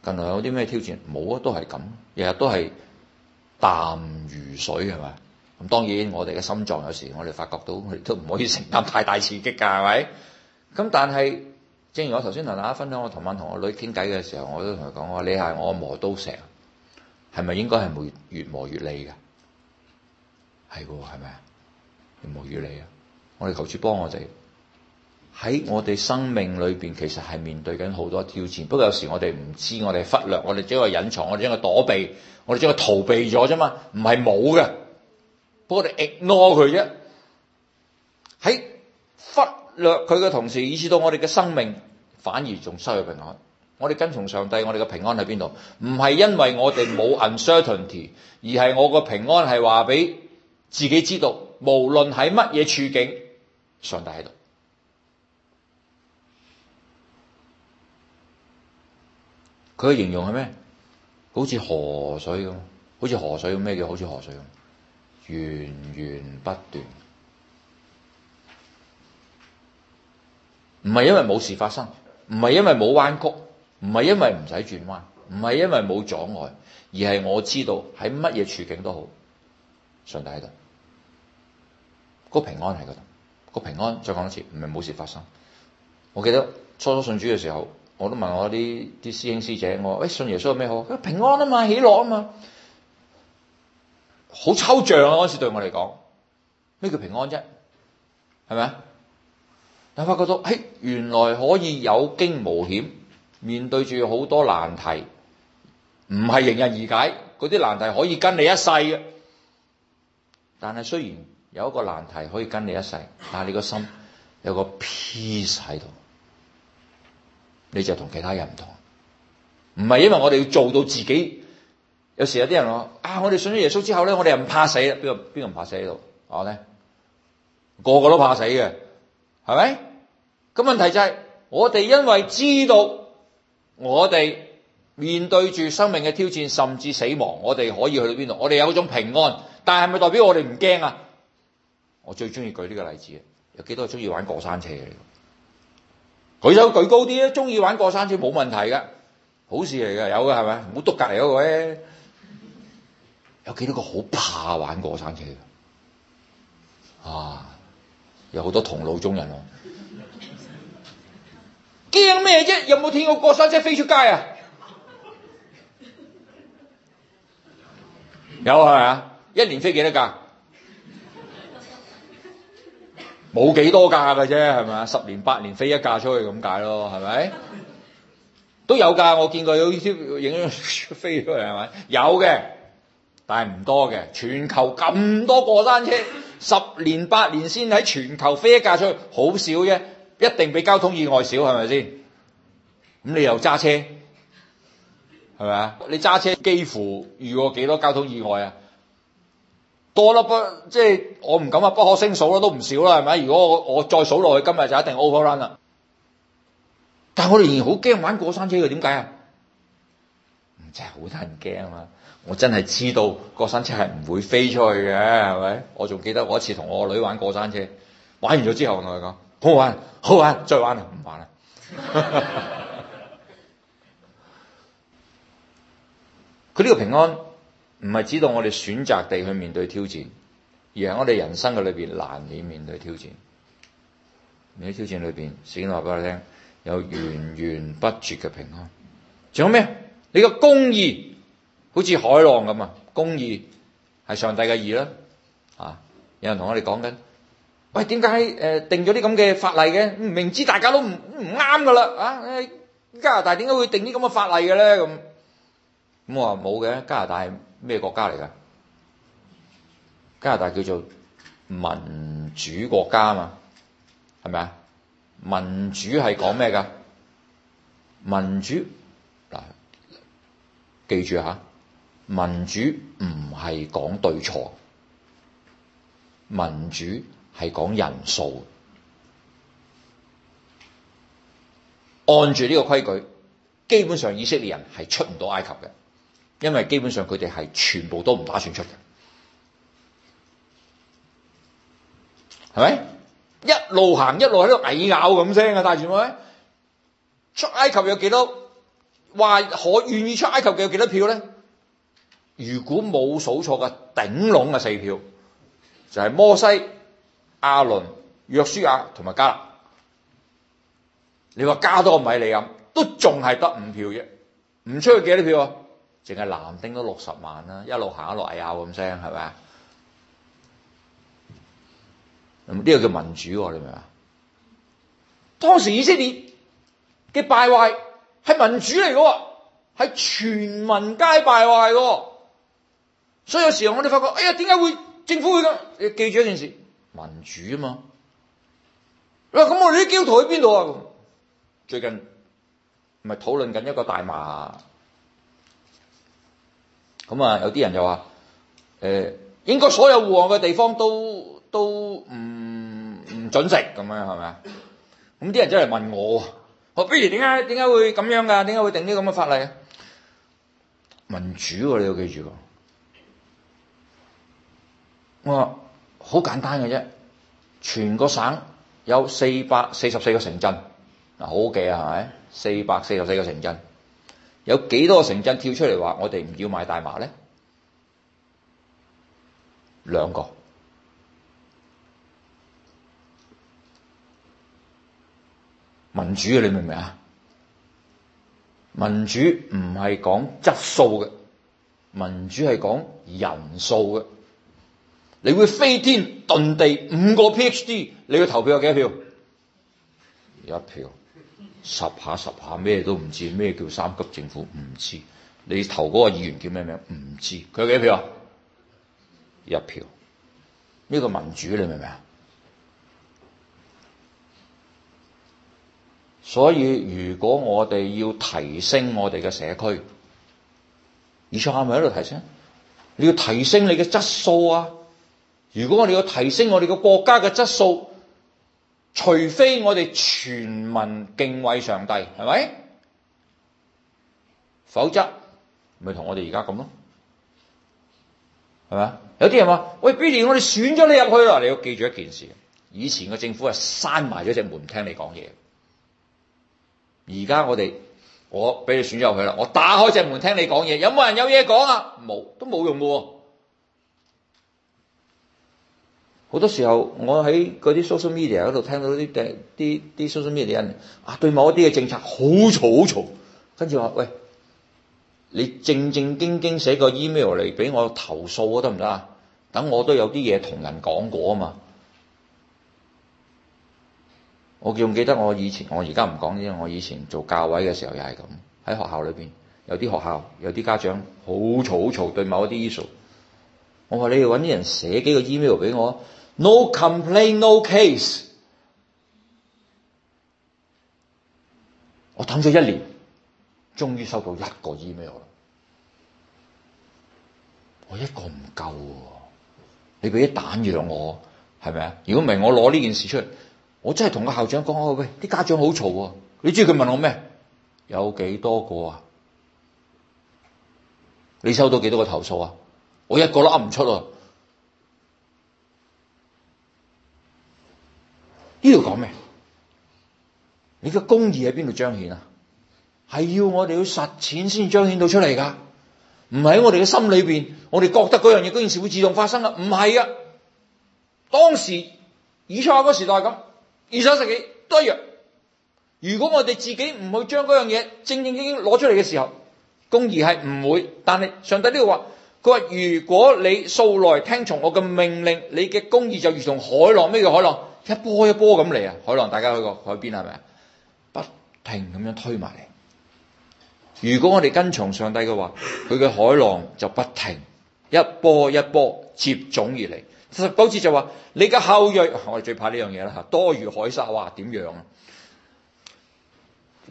近來有啲咩挑戰？冇呀，都係咁，日日都係淡如水，係咪？咁當然我哋嘅心臟有時，我哋發覺到，我哋都唔可以承擔太大刺激㗎，係咪？咁但係，正如我頭先同大家分享，我琴晚同我女傾偈嘅時候，我都同佢講，我話你係我磨刀石，係咪應該係越越磨越利嘅？係嘅，係咪啊？越磨越利啊！我哋求主幫我哋喺我哋生命裏邊，其實係面對緊好多挑戰。不過有時我哋唔知，我哋忽略，我哋只係隱藏，我哋只係躲避，我哋只係逃避咗啫嘛，唔係冇嘅。不過我哋 ignore 佢啫，喺忽。掠佢嘅同時，意識到我哋嘅生命反而仲失去平安。我哋跟從上帝，我哋嘅平安喺邊度？唔係因為我哋冇 uncertainty，而係我個平安係話俾自己知道，無論係乜嘢處境，上帝喺度。佢嘅形容係咩？好似河水咁，好似河水咁，咩叫好似河水咁，源源不斷。唔係因為冇事發生，唔係因為冇彎曲，唔係因為唔使轉彎，唔係因為冇阻礙，而係我知道喺乜嘢處境都好，上帝喺度，個平安喺度，個平安再講一次，唔係冇事發生。我記得初初信主嘅時候，我都問我啲啲師兄師姐，我話喂、哎、信耶穌有咩好？平安啊嘛，喜樂啊嘛，好抽象啊！嗰時對我嚟講，咩叫平安啫？係咪啊？有發覺到，嘿，原來可以有驚無險，面對住好多難題，唔係迎刃而解。嗰啲難題可以跟你一世嘅，但係雖然有一個難題可以跟你一世，但係你個心有個 peace 喺度，你就同其他人唔同。唔係因為我哋要做到自己，有時有啲人話啊，我哋信咗耶穌之後咧，我哋又唔怕死啦。邊個邊個唔怕死喺度？我咧，個個都怕死嘅，係咪？咁問題就係，我哋因為知道我哋面對住生命嘅挑戰，甚至死亡，我哋可以去到邊度？我哋有種平安，但係咪代表我哋唔驚啊？我最中意舉呢個例子嘅，有幾多中意玩過山車嘅？舉手舉高啲啊！中意玩過山車冇問題㗎，好事嚟㗎，有嘅係咪？唔好督隔離嗰、欸、個。有幾多個好怕玩過山車嘅？啊，有好多同路中人喎、啊。驚咩啫？有冇聽過過山車飛出街啊？ 有係咪啊，一年飛幾多架？冇幾 多架嘅啫，係咪啊？十年八年飛一架出去咁解咯，係咪？ 都有噶，我見過有啲影飛出嚟，係咪？有嘅，但係唔多嘅。全球咁多過山車，十年八年先喺全球飛一架出去，好少啫。一定比交通意外少係咪先？咁你又揸車，係咪啊？你揸車幾乎遇過幾多交通意外啊？多得不，即係我唔敢啊，不可勝數啦，都唔少啦，係咪？如果我我再數落去，今日就一定 overrun 啦。但係我哋仍然好驚玩過山車嘅，點解啊？真係好得人驚啊！我真係知道過山車係唔會飛出去嘅，係咪？我仲記得我一次同我個女玩過山車，玩完咗之後，我同佢講。好玩，好玩，再玩啦，唔玩啦。佢 呢個平安唔係指導我哋選擇地去面對挑戰，而係我哋人生嘅裏邊難以面對挑戰。你喺挑戰裏面，聖經話俾我聽有源源不絕嘅平安。仲有咩？你個公義好似海浪咁啊！公義係上帝嘅義啦，啊。有人同我哋講緊。喂，點解誒定咗啲咁嘅法例嘅？明知大家都唔唔啱噶啦，啊、哎！加拿大點解會定啲咁嘅法例嘅咧？咁、嗯、咁我話冇嘅，加拿大係咩國家嚟噶？加拿大叫做民主國家啊嘛，係咪啊？民主係講咩噶？民主嗱，記住吓，民主唔係講對錯，民主。係講人數，按住呢個規矩，基本上以色列人係出唔到埃及嘅，因為基本上佢哋係全部都唔打算出嘅，係咪？一路行一路喺度矮咬咁聲啊！大前輩，出埃及有幾多？話可願意出埃及有幾多票呢？如果冇數錯嘅，頂籠嘅四票，就係、是、摩西。阿倫、約書亞同埋加勒，你話加多個米利暗，都仲係得五票啫，唔出去幾多票啊？淨係藍丁都六十萬啦，一路行一路嗌啊咁聲，係咪啊？咁、這、呢個叫民主喎、啊？你明唔明啊？當時以色列嘅敗壞係民主嚟嘅，係全民皆敗壞嘅，所以有時候我都發覺，哎呀，點解會政府會咁？你記住一件事。民主啊嘛，哇、啊！咁我哋啲基督徒喺邊度啊？最近咪討論緊一個大麻，咁啊、嗯、有啲人就話，誒、欸，應該所有互網嘅地方都都唔唔准食咁樣，係咪啊？咁啲、嗯、人真係問我，我、啊、不如點解點解會咁樣噶、啊？點解會定啲咁嘅法例、啊？民主、啊、你要記住、啊，我、啊。好簡單嘅啫，全個省有四百四十四個城鎮，嗱，好，好記啊，係咪？四百四十四個城鎮，有幾多個城鎮跳出嚟話我哋唔要買大麻咧？兩個民主啊，你明唔明啊？民主唔係講質素嘅，民主係講人數嘅。你會飛天遁地五個 PhD，你去投票有幾票？一票，十下十下咩都唔知咩叫三級政府唔知，你投嗰個議員叫咩名唔知，佢有幾票？一票，呢個民主你明唔明啊？所以如果我哋要提升我哋嘅社區，係咪喺度提升，你要提升你嘅質素啊！如果我哋要提升我哋嘅國家嘅質素，除非我哋全民敬畏上帝，係咪？否則咪同我哋而家咁咯，係咪？有啲人話，喂，Billy，我哋選咗你入去啦，你要記住一件事，以前嘅政府係閂埋咗隻門，唔聽你講嘢。而家我哋，我畀你選咗入去啦，我打開隻門聽你講嘢，有冇人有嘢講啊？冇，都冇用噶。好多時候，我喺嗰啲 social media 嗰度聽到啲啲啲 social media 人啊，對某一啲嘅政策好嘈好嘈，跟住話：喂，你正正經經寫個 email 嚟畀我投訴得唔得啊？等我都有啲嘢同人講過啊嘛。我仲記得我以前，我而家唔講，因為我以前做教委嘅時候又係咁，喺學校裏邊有啲學校有啲家長好嘈好嘈，很吵很吵對某一啲 issue。我話你哋揾啲人寫幾個 email 俾我，no complaint, no case。我等咗一年，終於收到一個 email 啦。我一個唔夠啊，你畀啲彈藥我，係咪啊？如果唔係，我攞呢件事出嚟。我真係同個校長講，喂，啲家長好嘈啊。你知佢問我咩？有幾多個啊？你收到幾多個投訴啊？我一個都噏唔出啊！呢度講咩？你個公義喺邊度彰顯啊？係要我哋去實踐先彰顯到出嚟㗎，唔係喺我哋嘅心裏面，我哋覺得嗰樣嘢嗰件事會自動發生啦。唔係啊，當時以賽亞嗰時代咁，二十一世紀都一樣。如果我哋自己唔去將嗰樣嘢正正經經攞出嚟嘅時候，公義係唔會。但係上帝呢度話。佢話，如果你素來聽從我嘅命令，你嘅公義就如同海浪。咩叫海浪？一波一波咁嚟啊！海浪，大家去過海邊係咪啊？不停咁樣推埋嚟。如果我哋跟從上帝嘅話，佢嘅海浪就不停一波一波接踵而嚟。次就好似就話你嘅後裔，我哋最怕呢樣嘢啦嚇，多如海沙。哇，點樣啊？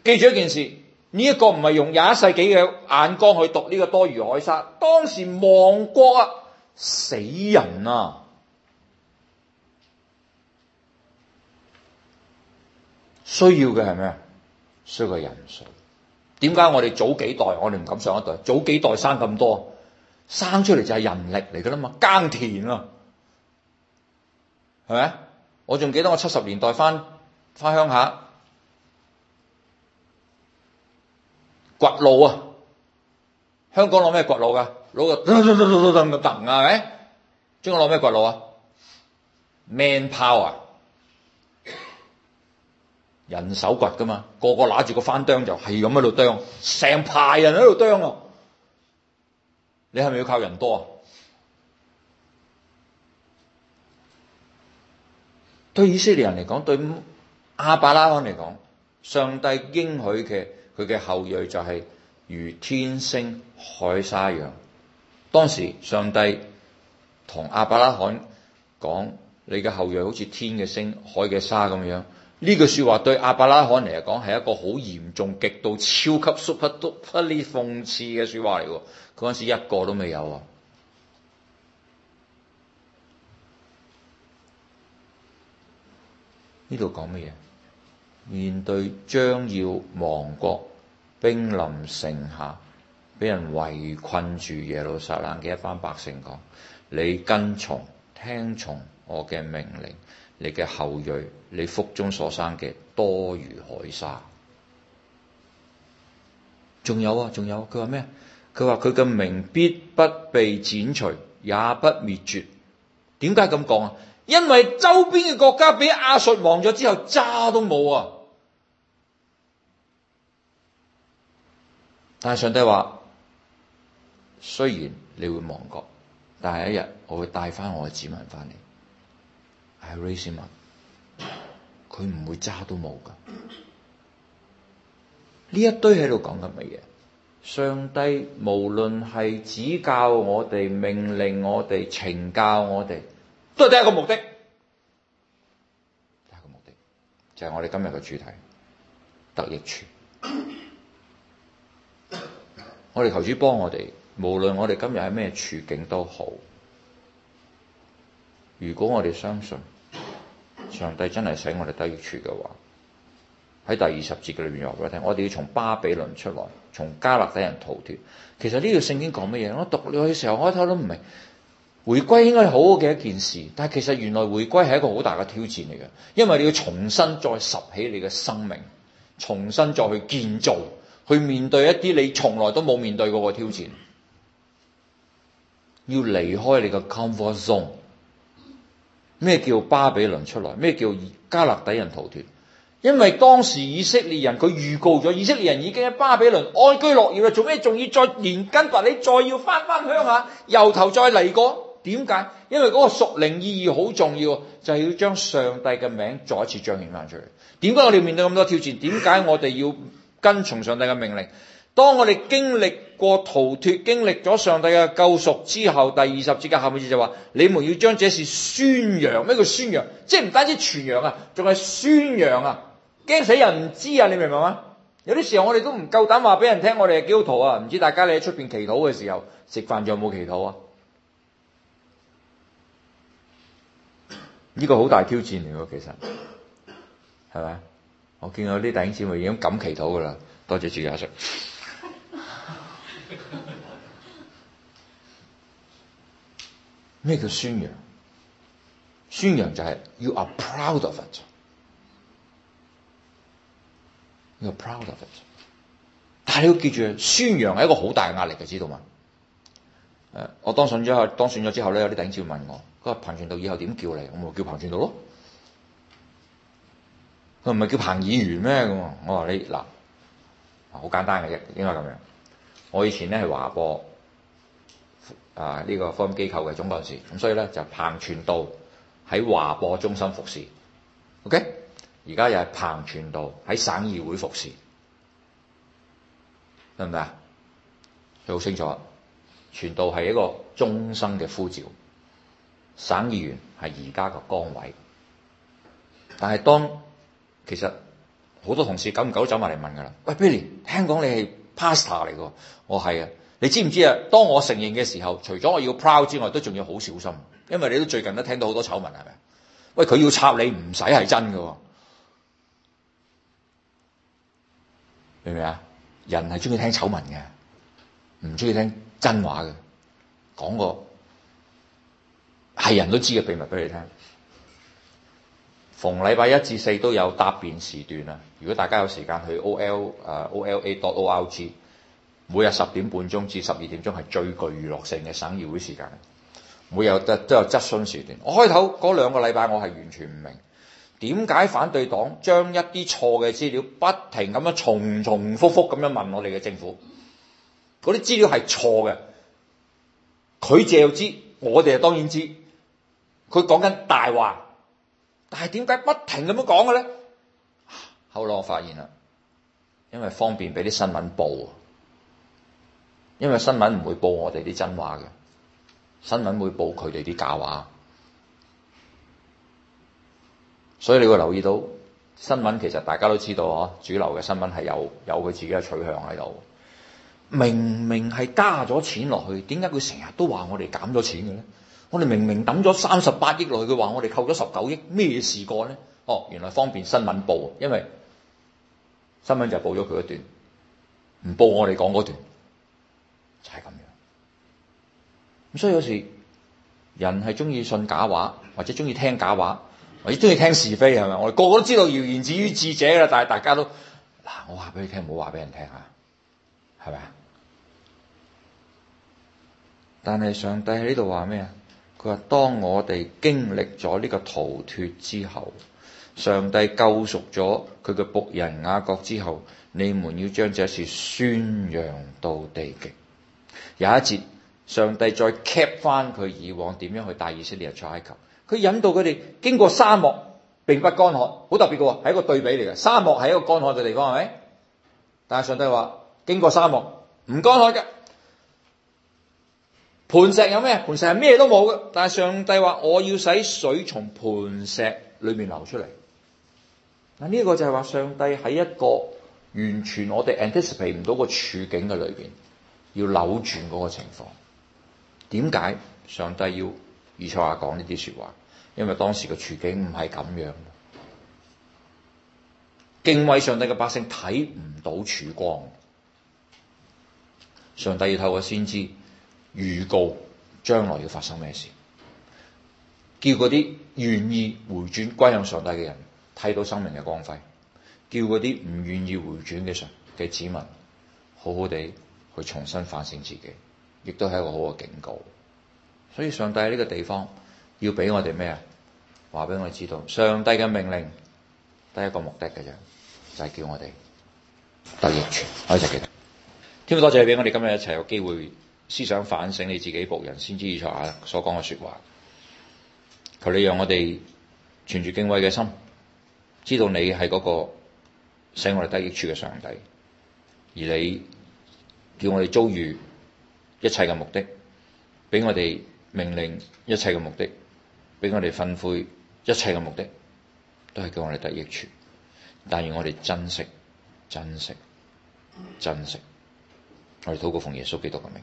記住一件事。呢一個唔係用廿一世紀嘅眼光去讀呢個多如海沙，當時亡國啊，死人啊，需要嘅係咩？需要的人數。點解我哋早幾代，我哋唔敢上一代？早幾代生咁多，生出嚟就係人力嚟㗎喇嘛，耕田啊，係咪？我仲記得我七十年代返返鄉下。掘路啊！香港攞咩掘路噶？攞個凳啊？咩？中國攞咩掘路啊？Manpower 啊！人手掘噶嘛？個個拿住個翻釘就係咁喺度釘，成排人喺度釘咯。你係咪要靠人多啊？對以色列人嚟講，對亞伯拉罕嚟講，上帝應許嘅。佢嘅後裔就係如天星海沙一樣。當時上帝同亞伯拉罕講：你嘅後裔好似天嘅星、海嘅沙咁樣。呢句說話對亞伯拉罕嚟講係一個好嚴重、極度超級 super duperly 諷刺嘅說話嚟。嗰陣時一個都未有啊！呢度講乜嘢？面對將要亡國。兵臨城下，畀人圍困住耶路撒冷嘅一班百姓，講：你跟從、聽從我嘅命令，你嘅後裔、你腹中所生嘅多如海沙。仲有啊，仲有啊，佢話咩？佢話佢嘅名必不被剪除，也不滅絕。點解咁講啊？因為周邊嘅國家畀阿術亡咗之後，渣都冇啊！但係上帝話：雖然你會亡國，但係一日我會帶翻我嘅子民翻嚟。I raise him 佢唔會揸都冇噶。呢一堆喺度講緊乜嘢？上帝無論係指教我哋、命令我哋、懲教我哋，都係第一個目的。第一個目的就係、是、我哋今日嘅主題：得益處。我哋求主幫我哋，無論我哋今日喺咩處境都好。如果我哋相信上帝真係使我哋低處嘅話，喺第二十節嘅裏面話俾我聽，我哋要從巴比倫出來，從迦勒底人逃脫。其實呢條聖經講乜嘢？我讀落去時候開頭都唔明，回歸應該係好好嘅一件事，但係其實原來回歸係一個好大嘅挑戰嚟嘅，因為你要重新再拾起你嘅生命，重新再去建造。去面對一啲你從來都冇面對過嘅挑戰，要離開你嘅 comfort zone。咩叫巴比倫出來？咩叫加勒底人逃脱？因為當時以色列人佢預告咗，以色列人已經喺巴比倫安居樂業啦。做咩仲要再連根拔，啊、你？再要翻翻鄉下，由頭再嚟過？點解？因為嗰個屬靈意義好重要，就係，要將上帝嘅名再次彰顯翻出嚟。點解我哋要面對咁多挑戰？點解我哋要？跟從上帝嘅命令。當我哋經歷過逃脱、經歷咗上帝嘅救贖之後，第二十節嘅後面就話：你們要將這事宣揚。咩叫宣揚？即係唔單止傳揚啊，仲係宣揚啊！驚死人唔知啊！你明唔明啊？有啲時候我哋都唔夠膽話俾人聽，我哋係基督徒啊！唔知大家你喺出邊祈禱嘅時候，食飯仲有冇祈禱啊？呢個好大挑戰嚟嘅，其實係咪我見到啲弟兄姊妹已經噉祈禱噶啦，多謝主持人，咩 叫宣揚？宣揚就係 You are proud of it。You are proud of it。但係你要記住，宣揚係一個好大壓力嘅，知道嘛？我當選咗後，當選咗之後咧，有啲弟兄姊妹問我，佢話彭傳道以後點叫你？我咪叫彭傳道咯。佢唔係叫彭議員咩？咁我話你嗱，好簡單嘅啫，應該咁樣。我以前咧係華福，啊呢、這個福音機構嘅總幹事，咁所以咧就是、彭傳道喺華福中心服侍，OK？而家又係彭傳道喺省議會服侍，得唔得啊？佢好清楚，傳道係一個終身嘅呼召，省議員係而家個崗位，但係當其實好多同事久唔久走埋嚟問噶啦。喂 Billy，聽講你係 pastor 嚟嘅，我係啊。你知唔知啊？當我承認嘅時候，除咗我要 proud 之外，都仲要好小心，因為你都最近都聽到好多醜聞，係咪啊？喂，佢要插你唔使係真嘅喎，明唔明啊？人係中意聽醜聞嘅，唔中意聽真話嘅。講過係人都知嘅秘密俾你聽。逢禮拜一至四都有答辯時段啊！如果大家有時間去 OL, uh, O L 啊 O L A dot org，每日十點半鐘至十二點鐘係最具娛樂性嘅省議會時間。每日都都有質詢時段。我開頭嗰兩個禮拜我係完全唔明點解反對黨將一啲錯嘅資料不停咁樣重重複複咁樣問我哋嘅政府，嗰啲資料係錯嘅。佢就知，我哋當然知。佢講緊大話。但係點解不停咁樣講嘅咧？後嚟我發現啦，因為方便畀啲新聞報，因為新聞唔會報我哋啲真話嘅，新聞會報佢哋啲假話。所以你會留意到新聞其實大家都知道嗬，主流嘅新聞係有有佢自己嘅取向喺度。明明係加咗錢落去，點解佢成日都話我哋減咗錢嘅咧？我哋明明抌咗三十八億落去，佢話我哋扣咗十九億，咩事個呢？哦，原來方便新聞報，因為新聞就報咗佢一段，唔報我哋講嗰段，就係咁樣。咁所以有時人係中意信假話，或者中意聽假話，或者中意聽是非，係咪？我哋個個都知道謠言止於智者啦，但係大家都嗱，我話畀你聽，唔好話畀人聽啊，係咪啊？但係上帝喺呢度話咩啊？佢話：當我哋經歷咗呢個逃脫之後，上帝救贖咗佢嘅僕人雅各之後，你們要將這事宣揚到地極。有一節，上帝再 cap 翻佢以往點樣去帶以色列人出埃及。佢引導佢哋經過沙漠並不乾旱，好特別嘅喎，係一個對比嚟嘅。沙漠係一個乾旱嘅地方係咪？但係上帝話：經過沙漠唔乾旱嘅。磐石有咩？磐石係咩都冇嘅，但係上帝話我要使水從磐石裏面流出嚟。嗱，呢一個就係話上帝喺一個完全我哋 anticipate 唔到個處境嘅裏邊，要扭轉嗰個情況。點解上帝要以賽亞講呢啲說話？因為當時嘅處境唔係咁樣。敬畏上帝嘅百姓睇唔到曙光，上帝要透過先知。預告將來要發生咩事，叫嗰啲願意回轉歸向上帝嘅人睇到生命嘅光輝，叫嗰啲唔願意回轉嘅神嘅子民好好地去重新反省自己，亦都係一個好嘅警告。所以上帝呢個地方要俾我哋咩啊？話俾我哋知道，上帝嘅命令得一個目的嘅啫，就係、是、叫我哋得益處。我哋一齊記得。天父多謝俾我哋今日一齊有機會。思想反省你自己僕人先知以下所講嘅說話，求你讓我哋存住敬畏嘅心，知道你係嗰個使我哋得益處嘅上帝，而你叫我哋遭遇一切嘅目的，俾我哋命令一切嘅目的，俾我哋分悔一切嘅目的，都係叫我哋得益處。但願我哋珍惜、珍惜、珍惜，我哋禱告奉耶穌基督嘅名。